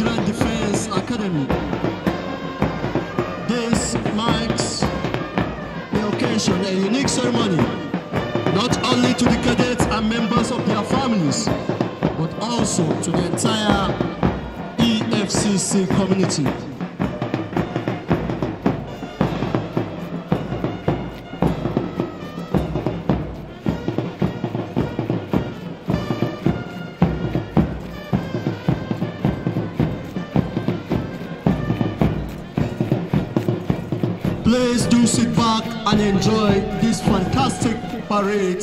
Nigerian Defense Academy. This marks the occasion, a unique ceremony, not only to the cadets and members of their families, but also to the entire EFCC community. Please do sit back and enjoy this fantastic parade.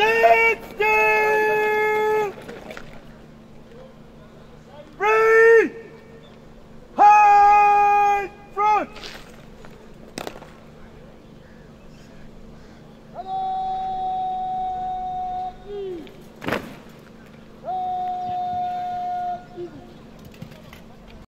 Thursday!